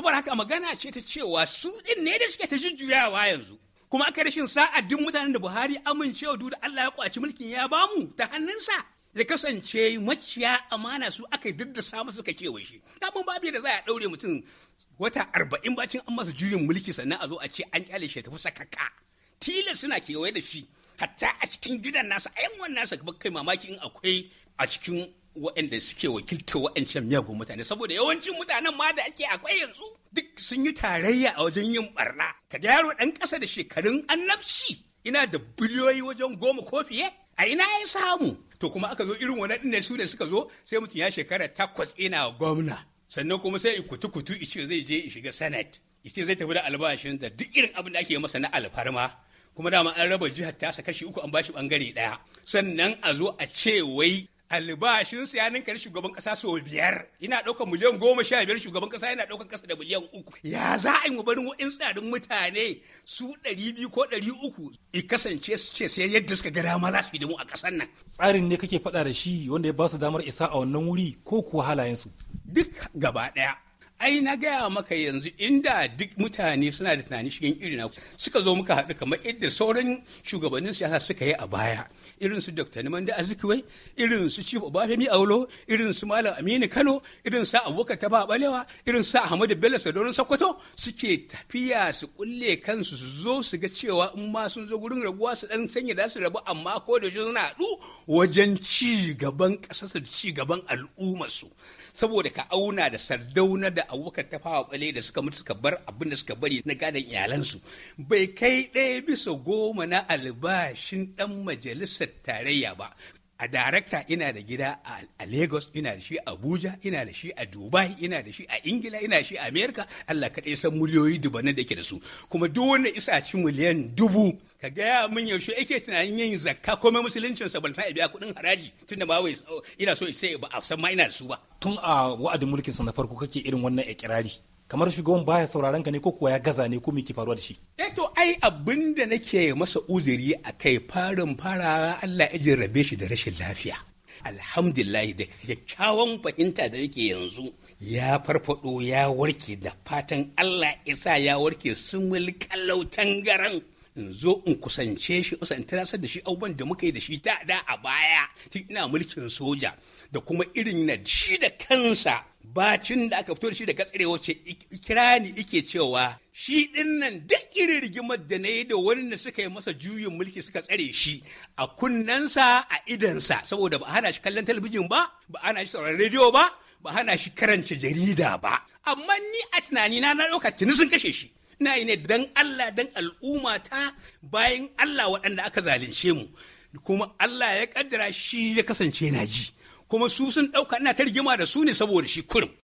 saboda haka magana ce ta cewa su din ne da suke ta jujjuyawa yanzu kuma aka rashin sa'a duk mutanen da Buhari amincewa duk da Allah ya kwaci mulkin ya bamu ta hannunsa zai kasance maciya amana su aka da samu suka kewa shi kamun babu da za a daure mutum wata arba'in bacin an masa juyin mulki sannan a zo a ce an kyale shi ta tafi sakaka tilas suna kewaye da shi hatta a cikin gidan nasa ayan wannan nasa kai mamaki in akwai a cikin waɗanda suke wakilta waɗancan miyagun mutane saboda yawancin mutanen ma da ake akwai yanzu duk sun yi tarayya a wajen yin barna ka ga yaro ɗan ƙasa da shekarun annabci ina da biliyoyi wajen goma ko fiye a ina ya samu to kuma aka zo irin wani ɗin su da suka zo sai mutum ya shekara takwas ina gwamna sannan kuma sai i kutu kutu ce zai je i shiga senate ce zai tafi da albashin da duk irin abin da ake masa na alfarma kuma dama an raba jihar tasa kashi uku an bashi bangare ɗaya. sannan a zo a ce wai albashinsu ya ninka shugaban kasa sau biyar ina ɗaukar miliyan goma sha biyar shugaban kasa yana ɗaukar kasa da miliyan uku ya za a yi wa barin wa'in tsarin mutane su ɗari biyu ko ɗari uku i kasance su ce sai yadda suka ga dama za su yi da mu a ƙasar nan. tsarin ne kake faɗa da shi wanda ya ba su damar isa a wannan wuri ko kuwa halayensu. duk gaba ɗaya ai na gaya maka yanzu inda duk mutane suna da tunani shigen na suka zo muka haɗu kamar yadda sauran shugabannin siyasa suka yi a baya irin su dr nimanda azikiwai irin su chief obafemi aulo irin su malam aminu kano irin su abubakar ba balewa irin su ahmadu bello sadorin sokoto suke tafiya su kulle kansu su zo su ga cewa in ma sun zo gurin rabuwa su dan sanya da su rabu amma ko da shi suna haɗu wajen ci gaban ƙasarsu da ci gaban al'ummarsu saboda ka auna da sardauna da abubakar ta fawa kwale da suka mutu suka bar abin da suka bari na gadon iyalansu bai kai ɗaya bisa goma na albashin ɗan majalisar tarayya ba a darakta ina da gida a lagos ina da shi a abuja ina da shi a dubai ina da shi a ingila ina da shi a america allah kaɗai san miliyoyi dubanan da ke da su kuma duk wanda isa ci miliyan dubu ka gaya min yaushe ake tunanin yin zakka komai musuluncin sa ban biya kuɗin haraji tunda ma wai oh, ina so sai ba a san ma ina da su ba tun a wa'adin mulkin sa na farko kake irin wannan ikirari kamar shugaban baya sauraron ka ne ko kuwa ya gaza ne ko ke faruwa da shi eh ai abin da nake masa uzuri a kai farin fara Allah ya jarrabe shi da rashin lafiya alhamdulillah da kyakkyawan fahimta da yake yanzu ya farfado ya warke da fatan Allah isa ya warke sun mulkalautan garan in zo in kusance shi in tunasar da shi abubuwan da muka yi da shi da da a baya tun ina mulkin soja da kuma irin na shi da kansa bacin da aka fito da shi daga katsarewa ce kira ike cewa shi din nan duk irin rigimar da na yi da wannan suka yi masa juyin mulki suka tsare shi a kunnensa a idansa saboda ba hana shi kallon talabijin ba ba hana shi sauraron rediyo ba ba hana shi karanta jarida ba amma ni a tunanina na ɗauka tuni sun kashe shi ina yi ne dan Allah dan al'umma ta bayan Allah waɗanda aka zalunce mu kuma Allah ya kaddara shi ya kasance na ji kuma su sun ɗauka ina ta rigima da su ne saboda shi kurum.